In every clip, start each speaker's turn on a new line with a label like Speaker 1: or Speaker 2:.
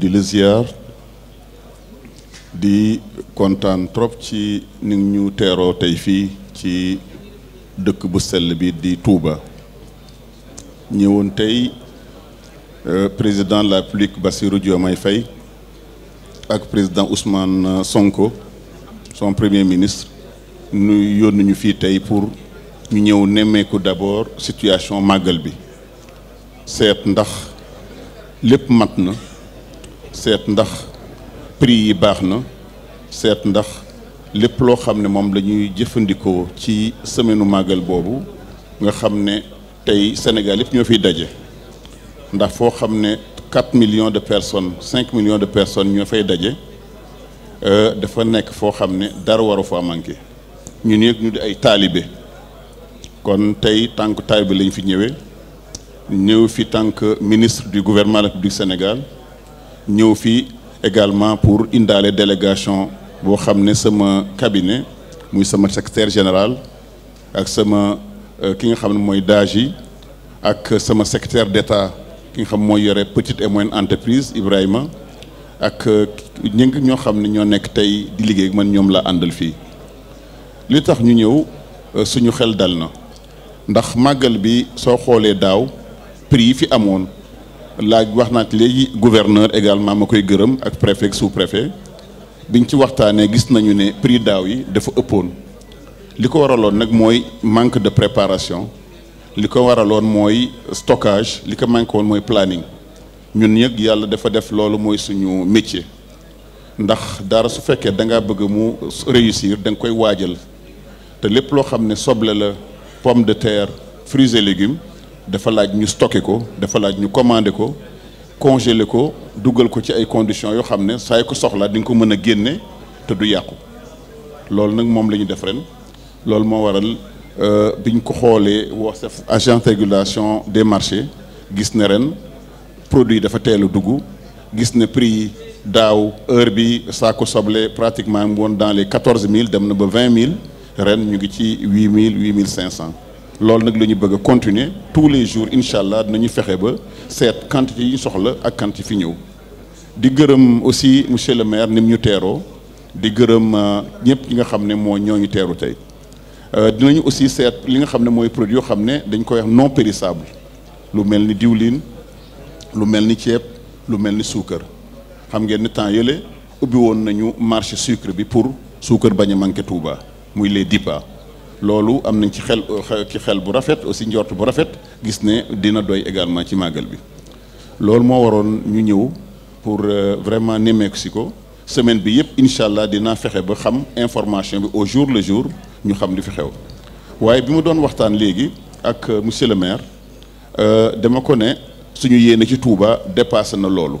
Speaker 1: di la di kontaan trop ci ni ñu teeroo tey fii ci dëkk bu sell bi di Touba ñëwoon tey euh, président de la République Bassirou may Faye ak président Ousmane Sonko son premier ministre nu yónni ñu fii tey pour ñu ñëw nemmeeku d'abord situation màggal bi seet ndax lépp mat na seet ndax prix yi baax na seet ndax lépp loo xam ne moom la jëfandikoo ci semaine màggal boobu nga xam ne tey Sénégal yëpp ñoo fiy daje ndax foo xam ne 4 million de personnes cinq millions de personnes ñoo fay daje euh, dafa nekk foo xam ne dara waru fa manqué ñu nekk ñu di ay taalibe kon tey tànk taalibe lañ fi ñëwee ñëw fi tànk ministre du gouvernement de la République Sénégal ñëw fii également pour indaale délégation boo xam ne sama cabinet muy sama secretaire général ak sama euh, ki nga xam ne mooy DAGI ak sama secrétaire d'État ki nga xam mooy yore petite et moyenne entreprise Ibrahima ak euh, ñi ñoo xam ne ñoo nekk tey di liggéey man ñoom laa àndal fii li tax ñu ñëw euh, suñu xel dal na ndax màggal bi soo xoolee daaw prix yi fi amoon laaj wax naa léegi gouverneur également ma koy gërëm ak préfet sous préfet biñ ci waxtaanee gis nañu ne prix daaw yi dafa ëppoon li ko waraloon nag mooy manque de préparation li ko waraloon mooy stockage li ko manqué woon mooy planning ñun yëg yàlla dafa def loolu mooy suñu métier ndax dara su fekkee da ngaa bëgg mu réussir da nga koy waajal te lépp loo xam ne soble la pomme de terre fruits et légumes. dafa laaj ñu stocké ko dafa laaj ñu commandé ko congelé ko dugal ko ci ay conditions yoo xam ne saa ko soxlaa di nga ko mën a génne te du yàqu loolu nag moom la ñu def ren loolu moo waral euh, biñ ko xoolee woo sef agence régulation des marché gis ne ren produit dafa teel a dugg gis ne prix yi daaw heure bi saako soble pratiquement mu woon dans les quatorze dem na ba vingt mille ren ñu ngi ci huit mille huit mille cinq cent loolu nag la ñu bëgg a continuer tous les jours incha allah dinañu fexe ba seet quantité yi soxla ak quantité fi ñëw di gërëm aussi monsieur le maire nim ñu teeroo di gërëm euh, ñëpp ñi nga xam ne moo ñooñu teeru tey euh, dinañu aussi seet li nga xam ne mooy produit yoo xam ne dañ koy wax non périssable lu mel ni diwlin lu mel ni ceeb lu mel ni suukar xam ngeen ni temps yële ubbi woon nañu marché sucre bi pour suukar bañ a manqué muy les DIPA. loolu am nañ ci xel ci xel bu rafet aussi njort bu rafet gis ne dina doy également ci màggal bi loolu moo waroon ñu ñëw pour euh, vraiment nemmeeku si ko semaine bi yëpp incha allah dina fexe ba xam information bi au jour le jour ñu xam li fi xew waaye bi mu doon waxtaan léegi ak euh, monsieur le maire euh, dama ko ne suñu yéene ci Touba dépassé na loolu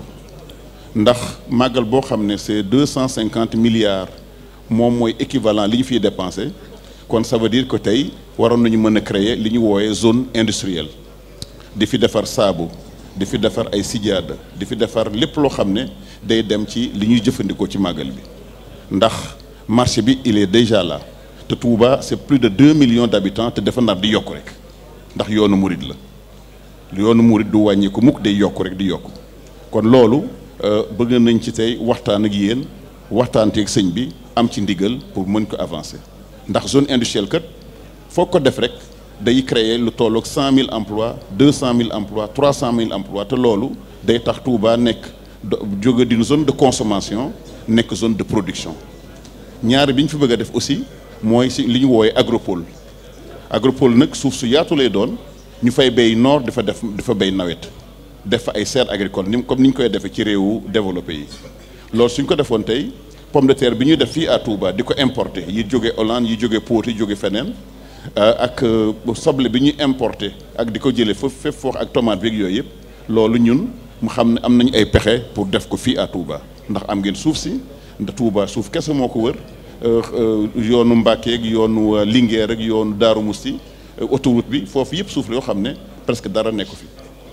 Speaker 1: ndax màggal boo xam ne c'est deux cent cinquante milliards moom mooy équivalent li ñu fiy dépensé kon ça diir dire que tey waroon nañu mën a créer li ñu wooyee zone industrielle di fi defar saabu di fi defar ay sijaada di fi defar lépp loo xam ne day dem ci li ñuy jëfandikoo ci màggal bi ndax marché bi il est déjà là te Touba c'est plus de deux millions d'habitants te dafa nar di yokk rek ndax yoonu murid la yoonu murid du wàññi ko mukk day yokk rek di yokk kon loolu euh, bëgg nañ ci tey waxtaan ak yéen waxtaan ak sëñ bi am ci ndigal pour mën ko avancer ndax zone industrielle kat foo ko def rek day créer lu tolloog cent mille emplois deux cent mille emplois trois cent mille emplois te loolu day tax Touba nekk do jóge dina zone de consommation nekk zone de production ñaar bi ñu fi bëgg a def aussi mooy si li ñu wooyee agropole agropole nag suuf su yaatu lay doon ñu fay bay noor dafa def dafa bay nawet def fa ay serre agricole ni comme ni ñu koy defee ci réewu développé yi loolu suñ ko defoon tey. pomme de terre bi ñuy def fii à Touba di ko importer yi jóge Hollande yi jóge Pout yi jóge feneen euh, ak euh, soble bi ñuy importer ak di ko jëlee foofu fépp foofu ak tomate beeg yooyu yëpp loolu ñun mu xam ne am nañu ay pexe pour def ko fii à Touba ndax am ngeen suuf si ndax Touba suuf kese moo ko wër euh, yoonu Mbacké ak yoonu Linguère ak yoonu Daaru Musti autoroute bi foofu yëpp suuf la yoo xam ne presque dara nekk fi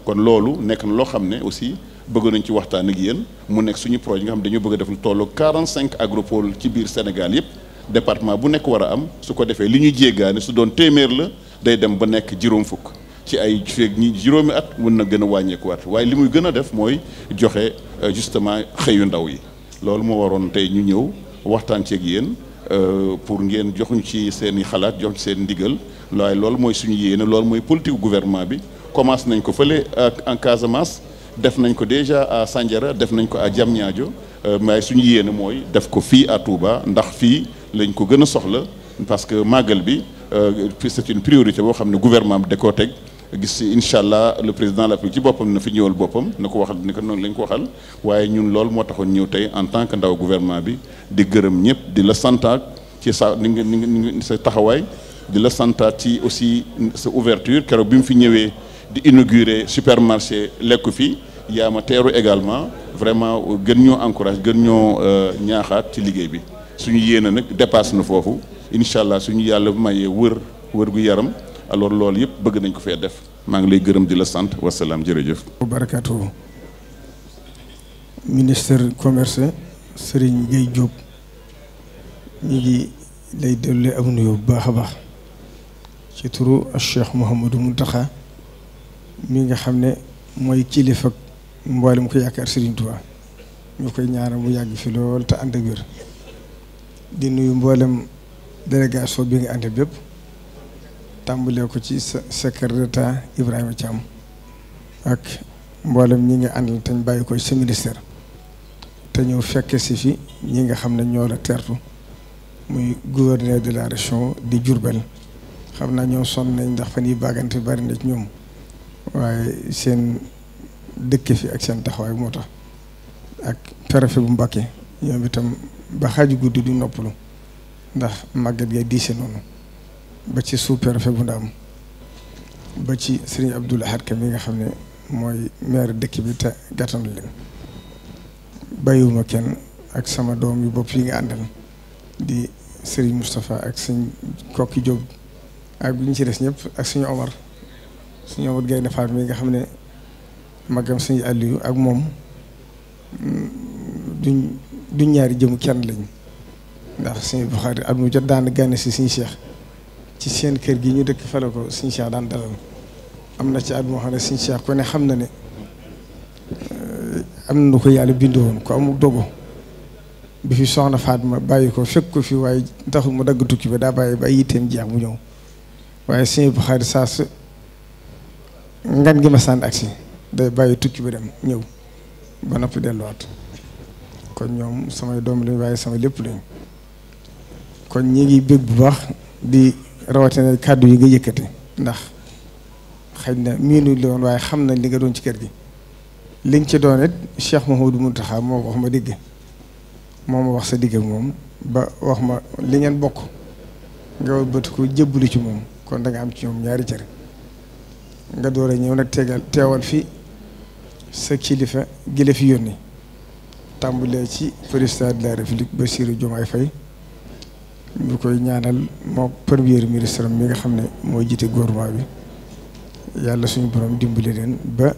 Speaker 1: kon loolu nekk na loo xam ne aussi bëgg nañ ci waxtaan ak yéen mu nekk suñu projet nga xam dañoo bëgg a def lu tollu 45 agropole ci biir Sénégal yëpp département bu nekk war a am su ko defee li ñu jéggaane su doon téeméer la day dem ba nekk juróom fukk ci ay feeg ñi juróomi at mën na gën a wàññeekuwaat waaye li muy gën a def mooy joxe euh, justement xëyu ndaw yi loolu moo waroon tey ñu ñëw waxtaan ceeg yéen euh, pour ngeen joxuñ ci seen i xalaat jox seen ndigal waaye loolu mooy suñu yéene loolu mooy politique gouvernement bi commencé nañ ko fële en Casamance. def nañ ko déjà à Sandiara def nañ ko à Diamniadio euh, mais suñu yéene mooy def ko fii à Touba ndax fii lañ ko gën a soxla parce que màggal bi euh, c'est une priorité boo xam ne gouvernement bi de koo teg gis incha allah le président de la République ci boppam na fi ñëwal boppam ne ko waxal ni ko noonu lañ ko waxal waaye ñun lool moo taxoon ñëw tey en tant que ndaw gouvernement bi di gërëm ñëpp di la santaak ci sa ni nga ni nga sa taxawaay di la santaat ci aussi sa ouverture keroog bi mu fi ñëwee di inaugurer supermarché lekku fii yaa ma teeru également vraiment gën ñoo encourage gën ñoo euh, ñaaxaat ci liggéey bi suñu yéene nag dépasse na foofu incha allah suñu yàlla mayee wër wër gu yaram alors loolu yëpp bëgg nañ ko fee def maa ngi lay gërëm di la sant wasalaam jërëjëf.
Speaker 2: barakatu ministre commerce Serigne Gueye Diop ñu ngi lay dellu am nuyoo bu baax a baax ci turu Cheikh Mouhamadou Mountakha mi nga xam ne mooy kilifa. mboolem ko yaakaar Serigne Touba ñu koy ñaanal mu yàgg fi lool te ànd ak wér di nuyu mboolem délégation bi nga ànd bépp tàmbalee ko ci secrétaire d'État Ibrahima Thiam ak mboolem ñi nga àndal te ñu bàyyi ko ci ministère te ñëw fekk si fi ñi nga xam ne ñoo la tertu muy gouverneur de di Diourbel xam naa ñoom sonn nañ ndax fan yi bàggante bari na ci ñoom waaye seen. dëkk fi ak seen taxawaay moo tax ak préfet bu Mbàkke ñoom itam ba xaaju guddi du noppalu ndax màggat gay diise noonu ba ci sous préfet bu Ndaam ba ci sëriñ Abdoul Ahad Ka mi nga xam ne mooy maire dëkk bi te gàttandu leen bàyyiwuma kenn ak sama doom yu bopp yi nga àndal di sëriñ Moustapha ak suñ Kokki Diop ak bi ñu ci des ñëpp ak suñu Omar suñu Omar Gaye Faat mi nga xam ne magam suñu Aliou ak moom mm, duñ duñ ñaari jëm kenn lañ ndax suñu Buxaari at mu jot daan gane si suñu Cheikh ci seen kër gi ñu dëkk fale ko suñu Cheikh daan dalal am na ci at moo xam ne siñ Cheikh ku xam na ne eh, am na nu ko yàlla bindoo woon ko amul dogo bi fi soxna faat ma bàyyi ko fekk ko fi waaye taxul mu dagg tukki ba daa bàyyi ba ay yitteem jeex mu ñëw waaye suñu Buxaari saa su ngan gi ma sànni agsi day bàyyi tukki bi dem ñëw ba noppi delluwaat kon ñoom samay doom lañ waaye sama lépp lañ kon ñi ngi bég bu baax di rawatina kàddu yi nga yëkkati ndax xëy na miinu li woon waaye xam nañ li nga doon ci kër gi liñ ci doon it du Mouhamadou Mountakha moo wax ma digg moom ma wax sa digg moom ba wax ma li ngeen bokk nga bëtt ko jébbalu ci moom kon danga am ci ñoom ñaari cër nga door a ñëw nag tegal teewal fii sa kilifa gile fi yónni tàmbulee ci président de la république Bassirou Diomaye Faye ñu koy ñaanal moo premier ministre mi nga xam ne moo jiite gouvernement bi yàlla suñu borom dimbali leen ba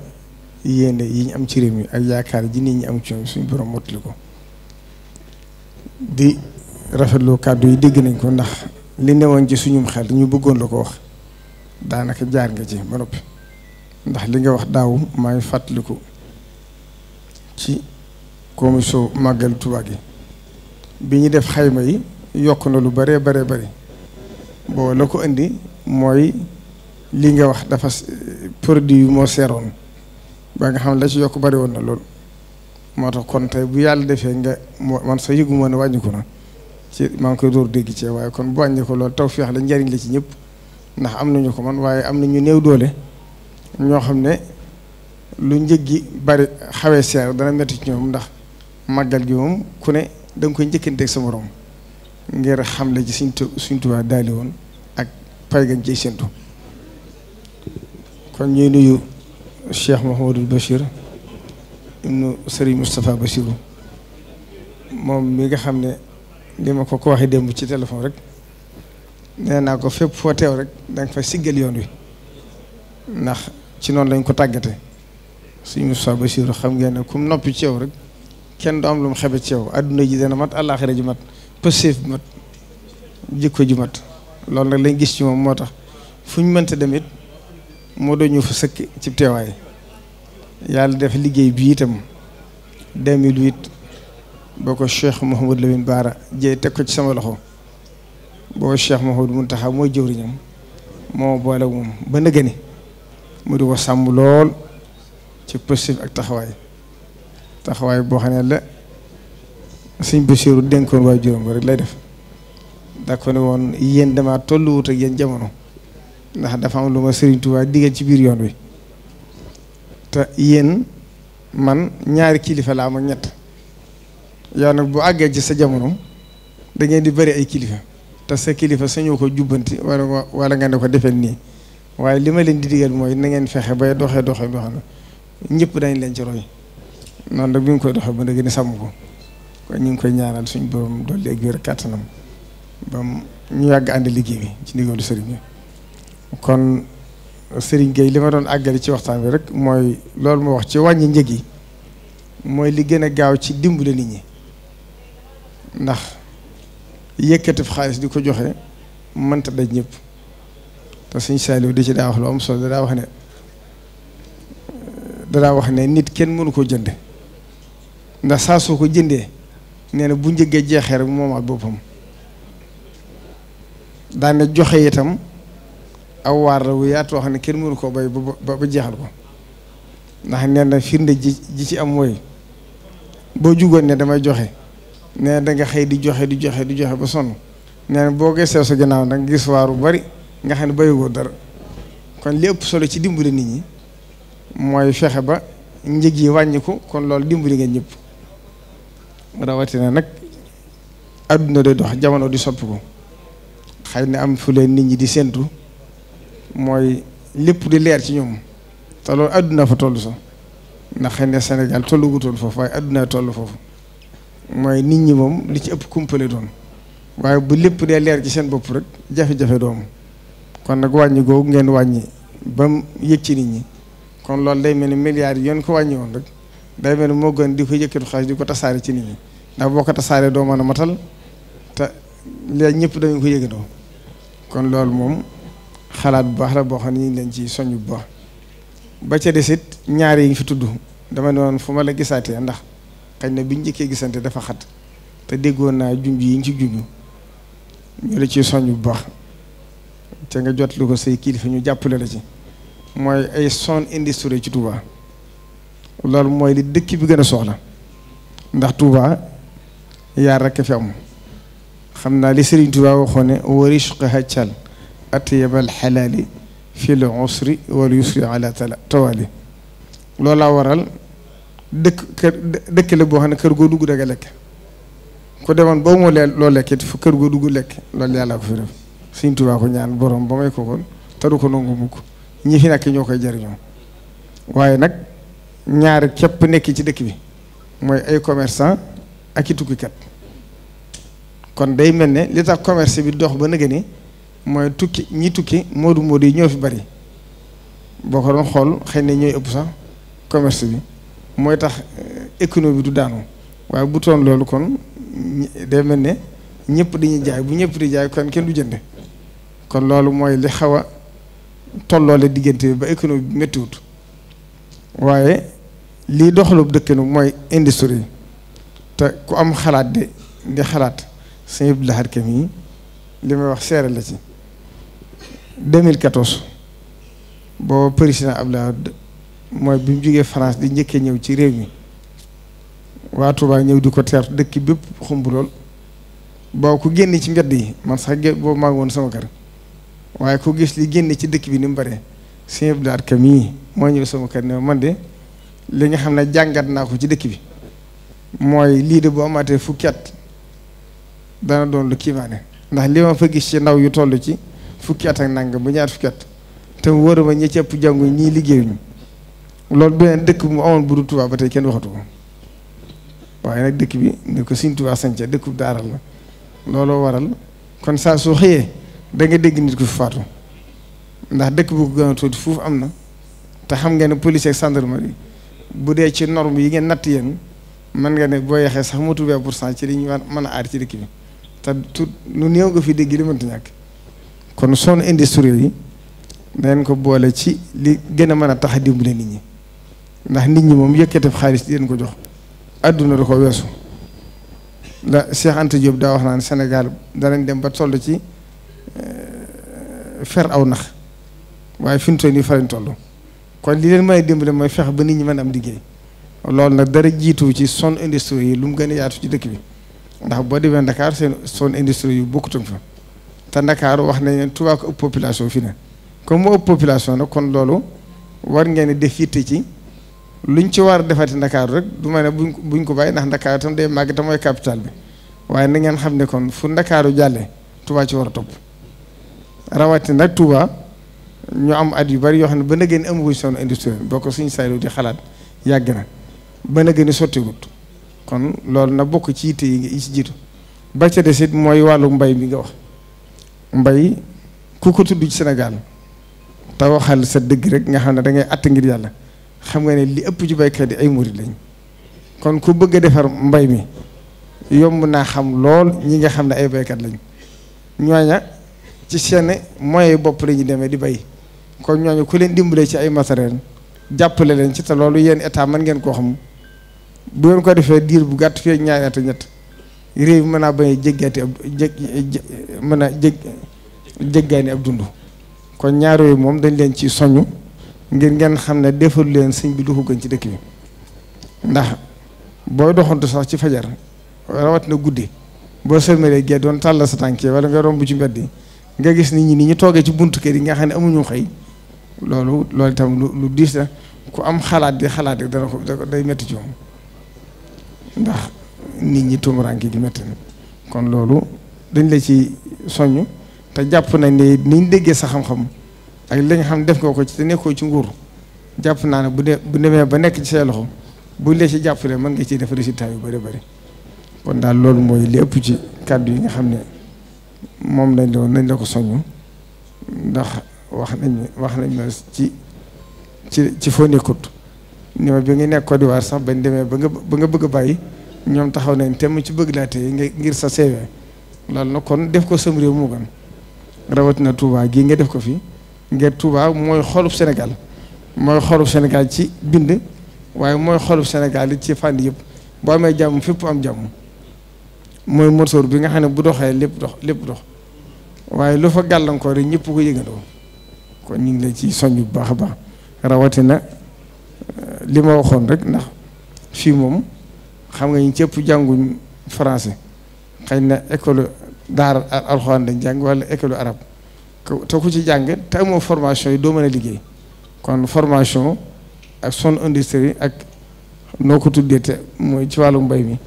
Speaker 2: yéene yi ñu am ci réew mi ak yaakaar ji nit ñi am ci ñoom suñu borom mottali ko di rafetlu kàddu yi dégg nañ ko ndax li newoon ci suñum xel ñu bëggoon la ko wax daanaka jaar nga ci ba noppi ndax li nga wax daaw maa ngi fàttaliku ci commission màggal Tuubaa yi bi ñu def xayma yi yokk na lu bare bare bari boo la ko indi mooy li nga wax dafa produit yu moo seeroon ba nga xam ne la ci yokk bari woon na lool moo tax kon tey bu yàlla defee nga man sa yëgu ma ne wàññiku na ci maa ngi koy door dégg ci waaye kon bu wàññi ko loolu tawfeex la njariñ la ci ñëpp ndax am nañu ko man waaye am na ñu néew doole ñoo xam ne lu njëg gi bari xawee seer dana metti ñoom ndax màggal gi moom ku ne da nga koy njëkkanteeg sa morom ngir xam le ci suñ suñ Tuubaa daali woon ak pay gañ ciy séntu kon ñuy nuyu Cheikh Mouhamadul Bachir ibnu Sëriñ Moustapha Bachiru moom mi nga xam ne li ma ko ko waxee démb ci téléphone rek nee naa ko fépp foo teew rek danga fa siggal yoon wi ndax ci noonu lañ ko tàggate suñu Moussa Bachir xam ngeen ne kum noppi ci rek kenn du am lu mu xebe ci yow adduna ji dana mat àllaaxira ji mat pëseef mat jikko ji mat loolu nag lañ gis ci moom moo tax fu ñu mënta dem moo doon ñu fa sëkk ci teewaay yàlla def liggéey bi itam 2008 boo ko Cheikh Mouhamadou Lamine Baara jëye teg ko ci sama loxo boo Cheikh Mouhamadou Mountakha mooy jëwriñam moo boole moom ba nëgëni mu di ko sàmm lool ci positif ak taxawaay taxawaay boo xam ne la sëñ Basiiru dénkoon waaye juróom rek lay def da ko ne woon yéen damaa tolluwut ak yéen jamono ndax dafa am lu ma Sëriñ Tuubaa digal ci biir yoon wi te yéen man ñaari kilifa laa ma ñett yow nag bu àggee ci sa jamono da ngeen di bëri ay kilifa te sa kilifa sañoo ko jubbanti wala wala nga ne ko defee nii. waaye li ma leen di digal mooy na ngeen fexe bay doxee doxee boo xam ne ñëpp dañ leen ci roy noonu nag bi ñu koy doxee ba léegi ni sàmm ko kon ñu ngi koy ñaanal suñ borom dolli ak wér kàttanam ba ñu yàgg ànd liggéey bi ci ndigalu sëriñ bi kon sëriñ Gueye li ma doon àggale ci waxtaan bi rek mooy loolu moo wax ci wàññi njëg yi mooy li gën a gaaw ci dimbale nit ñi ndax yëkkati xaalis di ko joxe mënta daj ñëpp. te sëñ Saaliw di ci daa wax lu am solo daa wax ne daa wax ne nit kenn mënu koo jënd ndax saa soo ko jëndee nee na bu njëggee jeexee rek moomaat boppam daane joxe itam aw waar la wu yaatu wax ne kenn mënu koo bay ba ba jeexal ko ndax nee na firnde ji ji ci am mooy boo jugoon ne damay joxe nee danga xëy di joxe di joxe di joxe ba sonn nee na boo gisee sa gannaaw nag gis waar bu bari nga xam ne bàyyiwoo dara kon li ëpp solo ci dimbali nit ñi mooy fexe ba njëg yi wàññiku kon loolu dimbali ngeen ñëpp rawatina nag adduna de dox jamono di soppi ko xëy na am fu leen nit ñi di séentu mooy lépp di leer ci ñoom te loolu adduna fa toll sax ndax xëy na Sénégal tollu wutoon foofu waaye adduna toll foofu mooy nit ñi moom li ci ëpp kumpale doon waaye bu lépp dee leer ci seen bopp rek jafe-jafe doomu. kon nag wàññi googu ngeen wàññi ba mu yëg ci nit ñi kon loolu day mel ni milliards yi yoon ko wàññi woon rek day mel ni moo gën di ko yëkkatu xaalis di ko tasaare ci nit ndax boo ko tasaaree doo mën a matal te ñëpp dañu ko yëgatoo kon loolu moom xalaat bu baax la boo xam ne ñu ngi leen ci soññ bu baax ba ca sit ñaar yi ngi fi tudd dama ne woon fu ma la gisaatee ndax xëy na biñ jëkkee gisante dafa xat te déggoon naa junj yi ngi ci junj ñu la ciy soññ bu baax te nga jot li ko say kilifa ñu jàppale la ci mooy ay son industrie ci Touba loolu mooy li dëkk bi gën a soxla ndax Touba yaar rekk fi am xam naa li Serigne Touba waxoon ne wa risqu haccal atyabal xalaali fi l usri wal yusri ala tawali loolu laa waral dëkk kër dëkk la boo xam ne kër goo dugg da lekk ku demoon boo moo leel loo lekk it fu kër goo dugg lekk loolu yàlla ko fi def Sëñ Tuubaa ko ñaan borom ba may ko kon taru ko nangu mukk ñi fi nekk ñoo koy jariñoo waaye nag ñaari képp nekk ci dëkk bi mooy ay commerçant ak i tukkikat kon day mel ne li tax commerce bi dox ba nëgë ni mooy tukki ñi tukki moodu moodu yi ñoo fi bari boo ko doon xool xëy na ñooy ëpp sax commerce bi mooy tax eh, économie bi du daanu waaye bu toon loolu kon day mel ne ñëpp dañuy jaay bu ñëpp di jaay kon kenn du jënd kon loolu mooy li xaw a tolloole diggante ba économie bi méttiwut waaye lii doxalub dëkkanu mooy industrie te ku am xalaat de di xalaat sëñ Abdou Lahad Ka mi li may wax seere la ci 2014 booba président Abdoulaye Wade mooy bi mu jógee France di njëkkee ñëw ci réew mi waa Touba ñëw di ko teertu dëkk bépp xumb lool boo ko génnee ci mbedd yi man sax gé boobu maa woon sama kër waaye ku gis li génne ci dëkk bi ni mu bare sëñ Abdou Lahad Ka mii moo ñëw sama kër ma man de li nga xam ne jàngat naa ko ci dëkk bi mooy lii de boo amaatee fukki at dana doon lu kiimaane ndax li ma fa gis ci ndaw yu toll ci fukki at ak nangam bu ñaar fukki at te wóor ma ñi cëpp jàngu ñii liggéeyuñu loolu beneen dëkk bu mu bu dul Tuubaa ba tey kenn waxatu ko waaye nag dëkk bi ni ko Sëñ Tuubaa sañca dëkk bu daaral looloo waral kon saa soo xëyee da nga dégg nit ko fi faatu ndax dëkk bu ko gën a tuuti foofu am na te xam nga ne police ak gendarmerie bu dee ci norme yi ngeen natt yéen mën nga ne boo yexee sax motul vingt pour cent ci li ñu mën a aar ci dëkk bi te tout lu néew nga fi dégg li mënta ñàkk kon son industriel yi dañ ko boole ci li gën a mën a tax a dimbale nit ñi ndax nit ñi moom yëkkateb xaalis di ko jox àdduna di ko weesu la Cheikh Anta daa wax naan Sénégal danañ dem ba toll ci Euh, fer aw nax waaye fi mu toll nii fa toll kon li leen may dimbale mooy fex ba nit ñi mën am liggéey loolu nag dara jiitu ci son industrie yi lu mu gën yaatu ci dëkk bi ndax boo demee Dakar seen son industrie yu bokkutum fa te Dakar wax nañ ne Tuubaa ko ëpp population fi na comme mu ëpp population nag kon loolu war ngeen def yitte ci luñ ci war a defati Dakar rek du ma ne buñ buñ ko bàyyi ndax Dakar itam day màgg te mooy capital bi waaye na xam ne kon fu Ndakaaru jàllee Tuubaa ci war a topp. rawatina nag Touba ñoo am at yu bari yoo xam ne ba na gën a amaguñ son industriel boo ko suñu saylu di xalaat yàgg na ba na gën a sottiwut kon loolu na bokk ci yitte yi ci jiitu ba ca des mooy wàllu mbay mi nga wax mbay ku ko tudd ci senegal te waxal sa dëgg rek nga xam ne dangay ngay att ngir yàlla xam nga ne li ëpp ci baykat yi ay murid lañ kon ku bëgg a defar mbay mi yomb naa xam lool ñi nga xam ne ay baykat lañ ñooña ci seen moyens bopp la ñuy demee di bay kon ñooñu ku leen dimbalee ci ay matériel jàppale leen ci te loolu yéen état mën ngeen koo xam bu ngeen ko defee diir bu gàtt fee ñaari at ñett réew mën naa bañ a jéggaati ab mën a jég jéggaani ab dund kon ñaar moom dañ leen ci soñu ngir ngeen xam ne defalu leen siñ bi du gën ci dëkk bi ndax booy doxantu sax ci fajar rawat na guddi boo sërmalee gee doon tàll sa tànk wala nga romb ci mbedd yi nga gis nit ñi ni ñu toogee ci buntu kër yi nga xam ne amuñu xëy loolu loolu itam lu lu diis la ku am xalaat di xalaat rek dana ko day métti ci di métti kon loolu dañ la ci soññ te jàpp nañ ne niñ déggee sa xam-xam ak li nga xam def nga ko ci te nekkoo ci nguur jàpp naa ne bu dee bu demee ba nekk ci say loxo buñ la ci jàppalee mën nga ciy def résultat yu bëri bëri kon daal loolu mooy li ëpp ci kàddu yi nga xam ne. moom dañ doon nañ la ko soññ ndax wax nañ wax nañ ma ci ci ci foo nekkut ni ma bi nga nekk Côte d'Ivoire sax bañ demee ba nga ba nga bëgg a bàyyi ñoom taxaw nañ temm ci bëgg laa tey ngir sa CV loolu na kon def ko sam réew mu gën rawatina tuubaa gii nga def ko fi ngir tuubaa mooy xolub Sénégal mooy xolub Sénégal ci bind waaye mooy xolub Sénégal ci fànn yëpp boo amee jàmm fépp am jàmm mooy morsoor bi nga xam ne bu doxee lépp dox lépp dox waaye lu fa gàllankoor yi ñëpp ko yëgandoo kon ñu ngi la ci soñ bu baax a baax rawatina euh, li ma waxoon rek ndax fii moom xam nga ñu cëpp jànguñ français xëy na école daara alxuraan jàng walla école arab te ku ci jàng te amoo formation yi doo mën liggéey kon formation ak son industrie ak noo ko tuddee te mooy ci wàllu mbay mi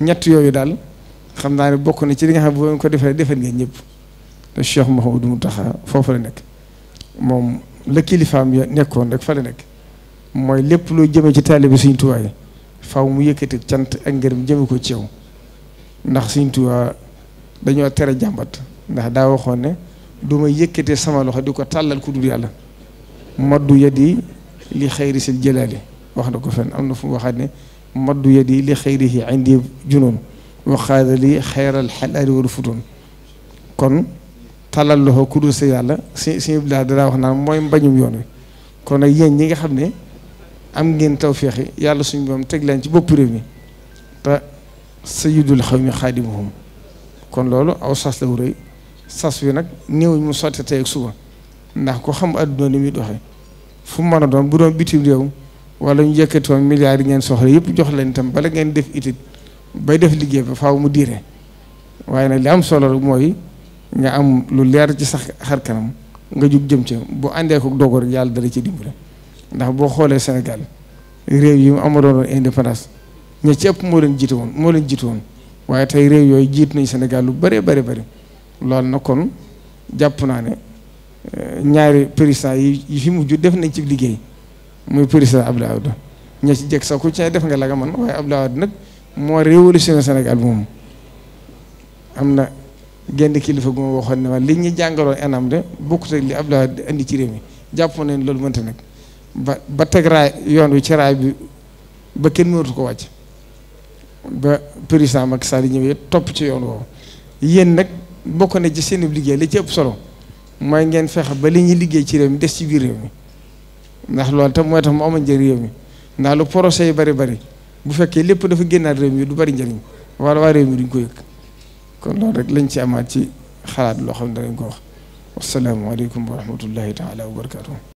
Speaker 2: ñett yooyu daal. xam naa ne bokk na ci li nga xam ne boo ko defee defal ngeen ñëpp te Cheikh Mouhamadou Mountakha foofu la nekk moom la kilifaam ya nekkoon rek fa la nekk mooy lépp loo jëmee ci taalibe Sëriñ Tuubaa yi mu yëkkati cant ak ngërëm jëme ko ci yow ndax Sëriñ Tuubaa dañoo tere jàmbat ndax daa waxoon ne du ma yëkkatee sama loxo di ko tàllal ku dul yàlla maddu yadi li xayri sil jëlaali wax na ko fenn am na fu waxaat ne maddu yadi li xayrihi indi junoon waxaada li xayral xalaali wala futoon kon talal loxo ku dul sa yàlla si si bilaa dalaa wax naan mooy mbañum yoon wi kon nag yéen ñi nga xam ne am ngeen tawféex yi yàlla suñu boom teg leen ci bopp réew mi ta te sayyidul xawmi xaadimuhum kon loolu aw sas la wu sas wi nag néew mu sotti tey ak suba ndax ko xam adduna li muy doxe fu mën a doon bu doon bitim réew wala ñu yëkkati woon yi ngeen soxla yëpp jox leen itam bala ngeen def itit bay def liggéey ba faaw mu diire waaye nag li am solo mooy nga am lu leer ci sax xar kanam nga jug jëm ci bu àndee ko dogo rek yàlla dara ci dimbale ndax boo xoolee Sénégal réew yi mu amaloon indépendance ña ci ëpp moo leen jiite woon moo leen jiite woon waaye tey réew yooyu jiit nañ Sénégal lu bëree bëri bëri loolu na kon jàpp naa ne eh, ñaari président yi fi mujj def nañ ci liggéey muy président laa Wade ña ci jekk sax ku ci def nga la nga mën waaye Abdoulaye Wade nag. moo révolutionné Sénégal moom am na genn kilifa gu ma waxoon ne ma li ñu jàngaloon enam de bokkut li li Abdoulaye indi ci réew mi jàpp ne loolu mënta nag ba ba teg yoon wi ci bi ba kenn mënatu ko wàcc ba président Macky Sall ñëwee topp ci yoon woowu yéen nag bokk na ci seen liggéey li ci ëpp solo mooy ngeen fexe ba li ñuy liggéey ci réew mi des ci biir réew mi ndax loolu te mooy tax mu amoon njëriñ réew mi ndax lu porose yi bari bari bu fekkee lépp dafa génnaat réew mi du bari njëriñ wala waa réew mi duñ ko kon loolu rek lañ ci amaat ci xalaat loo xam ne danañ ko wax wasalaamualeykum wa rahmatullahi taala wa barakaatu.